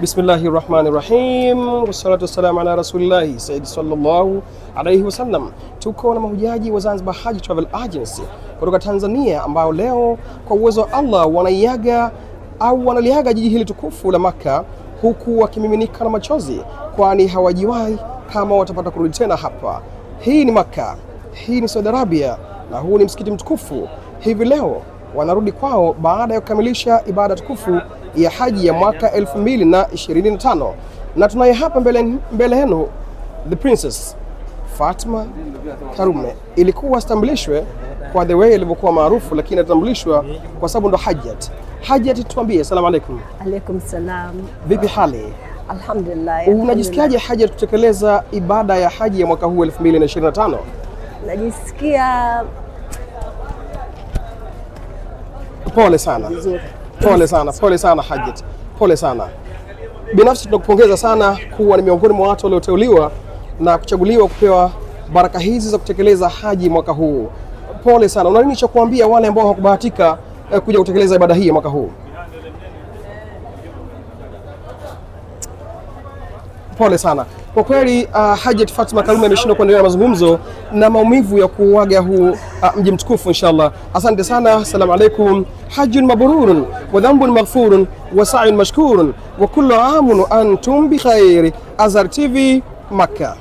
Bismillahi rahmani rahim, wassalatu wassalamu ala rasulillahi saidi sallallahu alaihi wasallam. Tuko na mahujaji wa Zanzibar Haji Travel Agency kutoka Tanzania ambao leo kwa uwezo wa Allah wanaiaga au wanaliaga jiji hili tukufu la Makka huku wakimiminika na machozi, kwani hawajiwahi kama watapata kurudi tena hapa. Hii ni Makka, hii ni Saudi Arabia na huu ni msikiti mtukufu. Hivi leo wanarudi kwao baada ya kukamilisha ibada tukufu ya haji ya mwaka 2025 na tunaye hapa mbele, mbele yenu the princess Fatma Karume. Ilikuwa sitambulishwe kwa the way ilivyokuwa maarufu, lakini atambulishwa kwa sababu ndo Hajjat. Hajjat, tuambie, salamu alaikum. Alaikum salam. Vipi hali? Alhamdulillah. Unajisikiaje Hajjat kutekeleza ibada ya haji ya mwaka huu 2025? Najisikia pole sana. Vizuri. Pole sana, pole sana Hajit, pole sana. Binafsi tunakupongeza sana kuwa ni miongoni mwa watu walioteuliwa na kuchaguliwa kupewa baraka hizi za kutekeleza haji mwaka huu. Pole sana. Una nini cha kuambia wale ambao hawakubahatika eh, kuja kutekeleza ibada hii mwaka huu? pole sana kwa kweli. Uh, Hajat Fatma Karume ameshindwa kuendelea mazungumzo na maumivu ya kuuaga huu uh, mji mtukufu inshallah. Asante sana, assalamu alaikum. Hajjun mabrurun wa dhanbun maghfurun wa sa'yun mashkurun wa kullu amun antum bi khair. Azhar TV Makkah.